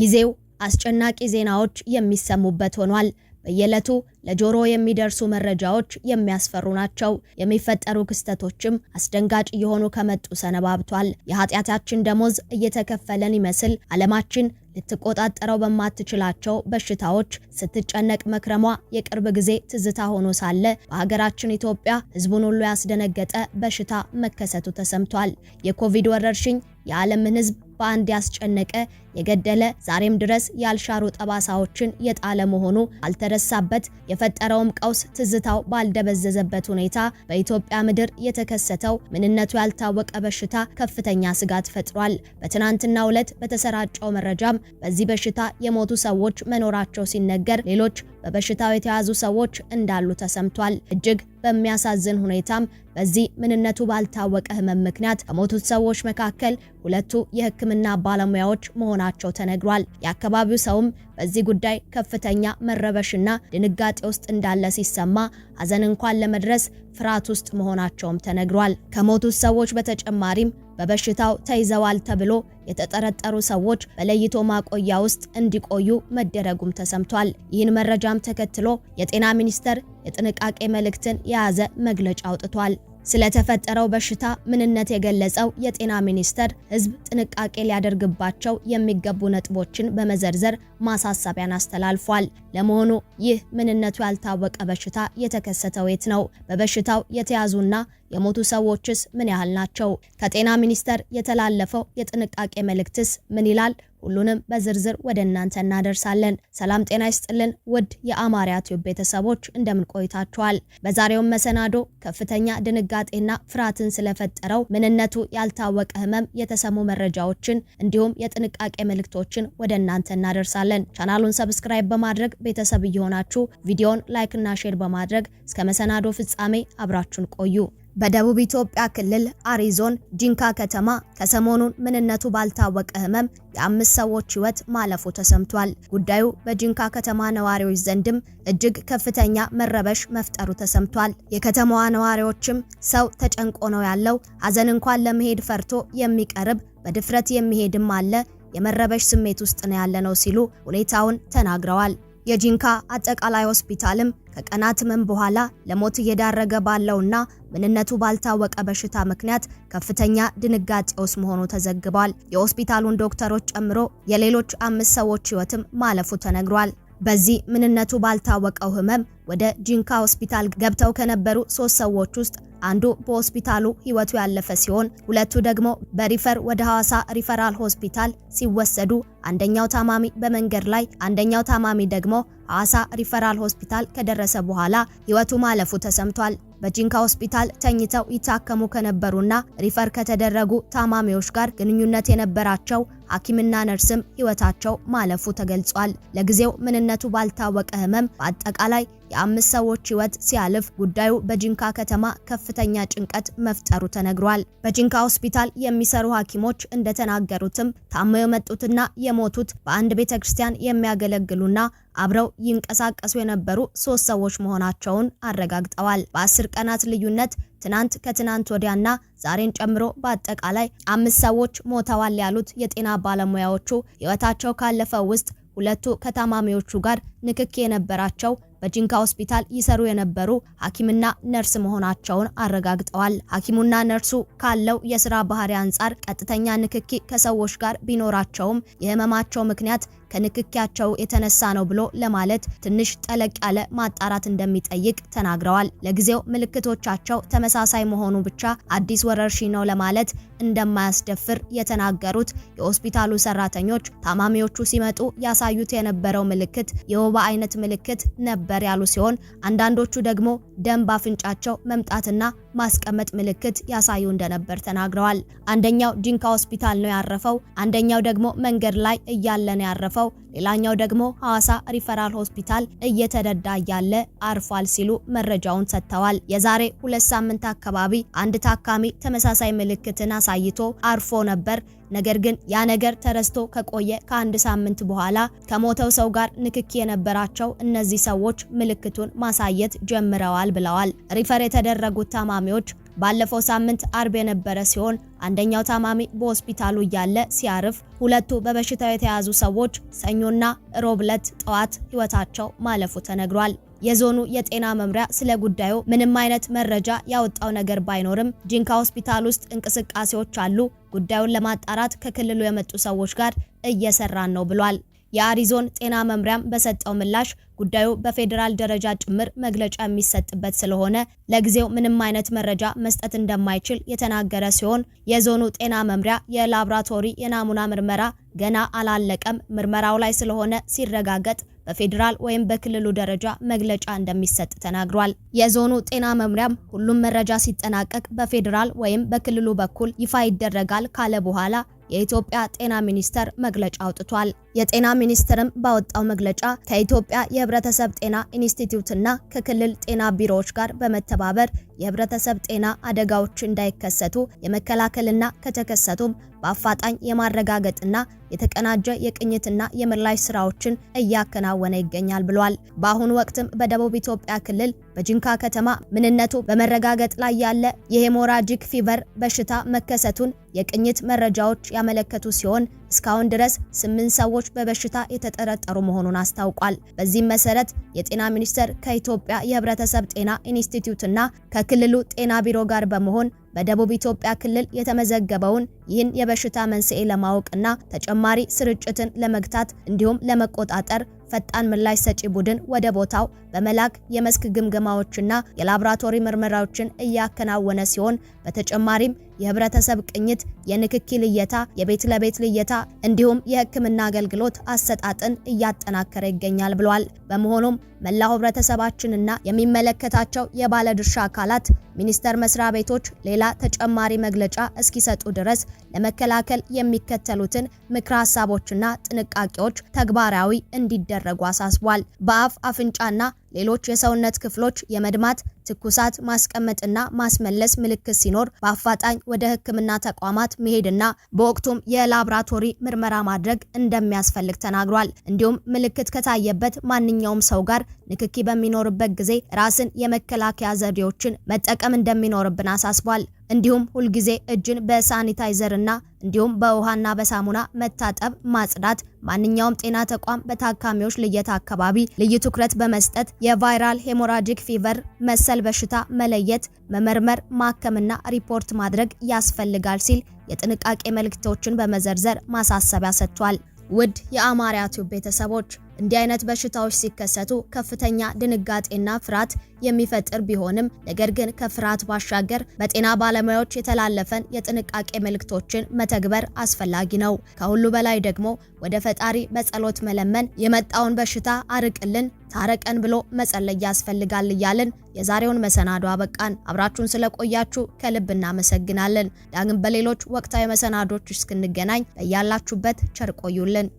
ጊዜው አስጨናቂ ዜናዎች የሚሰሙበት ሆኗል። በየዕለቱ ለጆሮ የሚደርሱ መረጃዎች የሚያስፈሩ ናቸው። የሚፈጠሩ ክስተቶችም አስደንጋጭ እየሆኑ ከመጡ ሰነባብቷል። የኃጢአታችን ደሞዝ እየተከፈለን ይመስል ዓለማችን ልትቆጣጠረው በማትችላቸው በሽታዎች ስትጨነቅ መክረሟ የቅርብ ጊዜ ትዝታ ሆኖ ሳለ በሀገራችን ኢትዮጵያ ሕዝቡን ሁሉ ያስደነገጠ በሽታ መከሰቱ ተሰምቷል። የኮቪድ ወረርሽኝ የዓለምን ሕዝብ በአንድ ያስጨነቀ የገደለ ዛሬም ድረስ ያልሻሩ ጠባሳዎችን የጣለ መሆኑ አልተረሳበት፣ የፈጠረውም ቀውስ ትዝታው ባልደበዘዘበት ሁኔታ በኢትዮጵያ ምድር የተከሰተው ምንነቱ ያልታወቀ በሽታ ከፍተኛ ስጋት ፈጥሯል። በትናንትናው ዕለት በተሰራጨው መረጃም በዚህ በሽታ የሞቱ ሰዎች መኖራቸው ሲነገር ሌሎች በበሽታው የተያዙ ሰዎች እንዳሉ ተሰምቷል። እጅግ በሚያሳዝን ሁኔታም በዚህ ምንነቱ ባልታወቀ ህመም ምክንያት ከሞቱት ሰዎች መካከል ሁለቱ የህክምና ባለሙያዎች መሆናቸው መሆናቸው ተነግሯል። የአካባቢው ሰውም በዚህ ጉዳይ ከፍተኛ መረበሽና ድንጋጤ ውስጥ እንዳለ ሲሰማ ሀዘን እንኳን ለመድረስ ፍርሃት ውስጥ መሆናቸውም ተነግሯል። ከሞቱት ሰዎች በተጨማሪም በበሽታው ተይዘዋል ተብሎ የተጠረጠሩ ሰዎች በለይቶ ማቆያ ውስጥ እንዲቆዩ መደረጉም ተሰምቷል። ይህን መረጃም ተከትሎ የጤና ሚኒስቴር የጥንቃቄ መልእክትን የያዘ መግለጫ አውጥቷል። ስለተፈጠረው በሽታ ምንነት የገለጸው የጤና ሚኒስቴር ህዝብ ጥንቃቄ ሊያደርግባቸው የሚገቡ ነጥቦችን በመዘርዘር ማሳሰቢያን አስተላልፏል። ለመሆኑ ይህ ምንነቱ ያልታወቀ በሽታ የተከሰተው የት ነው? በበሽታው የተያዙና የሞቱ ሰዎችስ ምን ያህል ናቸው? ከጤና ሚኒስቴር የተላለፈው የጥንቃቄ መልእክትስ ምን ይላል? ሁሉንም በዝርዝር ወደ እናንተ እናደርሳለን። ሰላም ጤና ይስጥልን ውድ የአማርያ ቲዩብ ቤተሰቦች እንደምን ቆይታችኋል? በዛሬውም መሰናዶ ከፍተኛ ድንጋጤና ፍርሃትን ስለፈጠረው ምንነቱ ያልታወቀ ህመም የተሰሙ መረጃዎችን እንዲሁም የጥንቃቄ መልእክቶችን ወደ እናንተ እናደርሳለን። ቻናሉን ሰብስክራይብ በማድረግ ቤተሰብ እየሆናችሁ ቪዲዮን ላይክና ሼር በማድረግ እስከ መሰናዶ ፍጻሜ አብራችሁን ቆዩ። በደቡብ ኢትዮጵያ ክልል አሪዞን ጂንካ ከተማ ከሰሞኑን ምንነቱ ባልታወቀ ህመም የአምስት ሰዎች ህይወት ማለፉ ተሰምቷል። ጉዳዩ በጂንካ ከተማ ነዋሪዎች ዘንድም እጅግ ከፍተኛ መረበሽ መፍጠሩ ተሰምቷል። የከተማዋ ነዋሪዎችም ሰው ተጨንቆ ነው ያለው፣ ሀዘን እንኳን ለመሄድ ፈርቶ የሚቀርብ በድፍረት የሚሄድም አለ፣ የመረበሽ ስሜት ውስጥ ነው ያለ ነው ሲሉ ሁኔታውን ተናግረዋል። የጂንካ አጠቃላይ ሆስፒታልም ከቀናት ህመም በኋላ ለሞት እየዳረገ ባለውና ምንነቱ ባልታወቀ በሽታ ምክንያት ከፍተኛ ድንጋጤ ውስጥ መሆኑ ተዘግቧል። የሆስፒታሉን ዶክተሮች ጨምሮ የሌሎች አምስት ሰዎች ህይወትም ማለፉ ተነግሯል። በዚህ ምንነቱ ባልታወቀው ህመም ወደ ጂንካ ሆስፒታል ገብተው ከነበሩ ሶስት ሰዎች ውስጥ አንዱ በሆስፒታሉ ህይወቱ ያለፈ ሲሆን ሁለቱ ደግሞ በሪፈር ወደ ሐዋሳ ሪፈራል ሆስፒታል ሲወሰዱ አንደኛው ታማሚ በመንገድ ላይ፣ አንደኛው ታማሚ ደግሞ ሐዋሳ ሪፈራል ሆስፒታል ከደረሰ በኋላ ህይወቱ ማለፉ ተሰምቷል። በጂንካ ሆስፒታል ተኝተው ይታከሙ ከነበሩና ሪፈር ከተደረጉ ታማሚዎች ጋር ግንኙነት የነበራቸው ሐኪምና ነርስም ህይወታቸው ማለፉ ተገልጿል። ለጊዜው ምንነቱ ባልታወቀ ህመም በአጠቃላይ የአምስት ሰዎች ህይወት ሲያልፍ ጉዳዩ በጂንካ ከተማ ከፍተኛ ጭንቀት መፍጠሩ ተነግሯል። በጂንካ ሆስፒታል የሚሰሩ ሐኪሞች እንደተናገሩትም ታመው የመጡትና የሞቱት በአንድ ቤተ ክርስቲያን የሚያገለግሉና አብረው ይንቀሳቀሱ የነበሩ ሶስት ሰዎች መሆናቸውን አረጋግጠዋል። በአስር ቀናት ልዩነት ትናንት ከትናንት ወዲያና ዛሬን ጨምሮ በአጠቃላይ አምስት ሰዎች ሞተዋል ያሉት የጤና ባለሙያዎቹ ህይወታቸው ካለፈው ውስጥ ሁለቱ ከታማሚዎቹ ጋር ንክኪ የነበራቸው በጂንካ ሆስፒታል ይሰሩ የነበሩ ሐኪምና ነርስ መሆናቸውን አረጋግጠዋል። ሐኪሙና ነርሱ ካለው የስራ ባህሪ አንጻር ቀጥተኛ ንክኪ ከሰዎች ጋር ቢኖራቸውም የህመማቸው ምክንያት ከንክኪያቸው የተነሳ ነው ብሎ ለማለት ትንሽ ጠለቅ ያለ ማጣራት እንደሚጠይቅ ተናግረዋል። ለጊዜው ምልክቶቻቸው ተመሳሳይ መሆኑ ብቻ አዲስ ወረርሽኝ ነው ለማለት እንደማያስደፍር የተናገሩት የሆስፒታሉ ሰራተኞች ታማሚዎቹ ሲመጡ ያሳዩት የነበረው ምልክት የወባ አይነት ምልክት ነበር ነበር ያሉ ሲሆን አንዳንዶቹ ደግሞ ደም ባፍንጫቸው መምጣትና ማስቀመጥ ምልክት ያሳዩ እንደነበር ተናግረዋል። አንደኛው ጂንካ ሆስፒታል ነው ያረፈው፣ አንደኛው ደግሞ መንገድ ላይ እያለ ነው ያረፈው፣ ሌላኛው ደግሞ ሐዋሳ ሪፈራል ሆስፒታል እየተደዳ እያለ አርፏል ሲሉ መረጃውን ሰጥተዋል። የዛሬ ሁለት ሳምንት አካባቢ አንድ ታካሚ ተመሳሳይ ምልክትን አሳይቶ አርፎ ነበር። ነገር ግን ያ ነገር ተረስቶ ከቆየ ከአንድ ሳምንት በኋላ ከሞተው ሰው ጋር ንክኪ የነበራቸው እነዚህ ሰዎች ምልክቱን ማሳየት ጀምረዋል ብለዋል። ሪፈር የተደረጉት ታማሚ ታማሚዎች ባለፈው ሳምንት አርብ የነበረ ሲሆን አንደኛው ታማሚ በሆስፒታሉ እያለ ሲያርፍ ሁለቱ በበሽታው የተያዙ ሰዎች ሰኞና ሮብ ዕለት ጠዋት ሕይወታቸው ማለፉ ተነግሯል። የዞኑ የጤና መምሪያ ስለ ጉዳዩ ምንም አይነት መረጃ ያወጣው ነገር ባይኖርም ጂንካ ሆስፒታል ውስጥ እንቅስቃሴዎች አሉ፣ ጉዳዩን ለማጣራት ከክልሉ የመጡ ሰዎች ጋር እየሰራን ነው ብሏል። የአሪዞን ጤና መምሪያም በሰጠው ምላሽ ጉዳዩ በፌዴራል ደረጃ ጭምር መግለጫ የሚሰጥበት ስለሆነ ለጊዜው ምንም አይነት መረጃ መስጠት እንደማይችል የተናገረ ሲሆን የዞኑ ጤና መምሪያ የላብራቶሪ የናሙና ምርመራ ገና አላለቀም፣ ምርመራው ላይ ስለሆነ ሲረጋገጥ በፌዴራል ወይም በክልሉ ደረጃ መግለጫ እንደሚሰጥ ተናግሯል። የዞኑ ጤና መምሪያም ሁሉም መረጃ ሲጠናቀቅ በፌዴራል ወይም በክልሉ በኩል ይፋ ይደረጋል ካለ በኋላ የኢትዮጵያ ጤና ሚኒስቴር መግለጫ አውጥቷል። የጤና ሚኒስቴርም ባወጣው መግለጫ ከኢትዮጵያ የህብረተሰብ ጤና ኢንስቲትዩትና ከክልል ጤና ቢሮዎች ጋር በመተባበር የህብረተሰብ ጤና አደጋዎች እንዳይከሰቱ የመከላከልና ከተከሰቱም በአፋጣኝ የማረጋገጥና የተቀናጀ የቅኝትና የምላሽ ስራዎችን እያከናወነ ይገኛል ብሏል። በአሁኑ ወቅትም በደቡብ ኢትዮጵያ ክልል በጂንካ ከተማ ምንነቱ በመረጋገጥ ላይ ያለ የሄሞራጂክ ፊቨር በሽታ መከሰቱን የቅኝት መረጃዎች ያመለከቱ ሲሆን እስካሁን ድረስ ስምንት ሰዎች በበሽታ የተጠረጠሩ መሆኑን አስታውቋል። በዚህም መሰረት የጤና ሚኒስቴር ከኢትዮጵያ የህብረተሰብ ጤና ኢንስቲትዩትና ከክልሉ ጤና ቢሮ ጋር በመሆን በደቡብ ኢትዮጵያ ክልል የተመዘገበውን ይህን የበሽታ መንስኤ ለማወቅና ተጨማሪ ስርጭትን ለመግታት እንዲሁም ለመቆጣጠር ፈጣን ምላሽ ሰጪ ቡድን ወደ ቦታው በመላክ የመስክ ግምገማዎችና የላብራቶሪ ምርመራዎችን እያከናወነ ሲሆን በተጨማሪም የህብረተሰብ ቅኝት፣ የንክኪ ልየታ፣ የቤት ለቤት ልየታ እንዲሁም የህክምና አገልግሎት አሰጣጥን እያጠናከረ ይገኛል ብሏል። በመሆኑም መላው ህብረተሰባችንና የሚመለከታቸው የባለድርሻ አካላት ሚኒስቴር መስሪያ ቤቶች ሌላ ተጨማሪ መግለጫ እስኪሰጡ ድረስ ለመከላከል የሚከተሉትን ምክረ ሀሳቦችና ጥንቃቄዎች ተግባራዊ እንዲደረጉ አሳስቧል። በአፍ አፍንጫና ሌሎች የሰውነት ክፍሎች የመድማት፣ ትኩሳት፣ ማስቀመጥና ማስመለስ ምልክት ሲኖር በአፋጣኝ ወደ ሕክምና ተቋማት መሄድና በወቅቱም የላብራቶሪ ምርመራ ማድረግ እንደሚያስፈልግ ተናግሯል። እንዲሁም ምልክት ከታየበት ማንኛውም ሰው ጋር ንክኪ በሚኖርበት ጊዜ ራስን የመከላከያ ዘዴዎችን መጠቀም እንደሚኖርብን አሳስቧል። እንዲሁም ሁልጊዜ እጅን በሳኒታይዘር እና እንዲሁም በውሃና በሳሙና መታጠብ፣ ማጽዳት ማንኛውም ጤና ተቋም በታካሚዎች ለየት አካባቢ ልዩ ትኩረት በመስጠት የቫይራል ሄሞራጂክ ፊቨር መሰል በሽታ መለየት፣ መመርመር፣ ማከምና ሪፖርት ማድረግ ያስፈልጋል ሲል የጥንቃቄ መልእክቶችን በመዘርዘር ማሳሰቢያ ሰጥቷል። ውድ የአማርያ ቲዩብ ቤተሰቦች እንዲህ አይነት በሽታዎች ሲከሰቱ ከፍተኛ ድንጋጤና ፍርሃት የሚፈጥር ቢሆንም ነገር ግን ከፍርሃት ባሻገር በጤና ባለሙያዎች የተላለፈን የጥንቃቄ መልእክቶችን መተግበር አስፈላጊ ነው። ከሁሉ በላይ ደግሞ ወደ ፈጣሪ በጸሎት መለመን የመጣውን በሽታ አርቅልን፣ ታረቀን ብሎ መጸለይ ያስፈልጋል እያልን የዛሬውን መሰናዶ አበቃን። አብራችሁን ስለቆያችሁ ከልብ እናመሰግናለን። ዳግም በሌሎች ወቅታዊ መሰናዶች እስክንገናኝ በያላችሁበት ቸር ቆዩልን።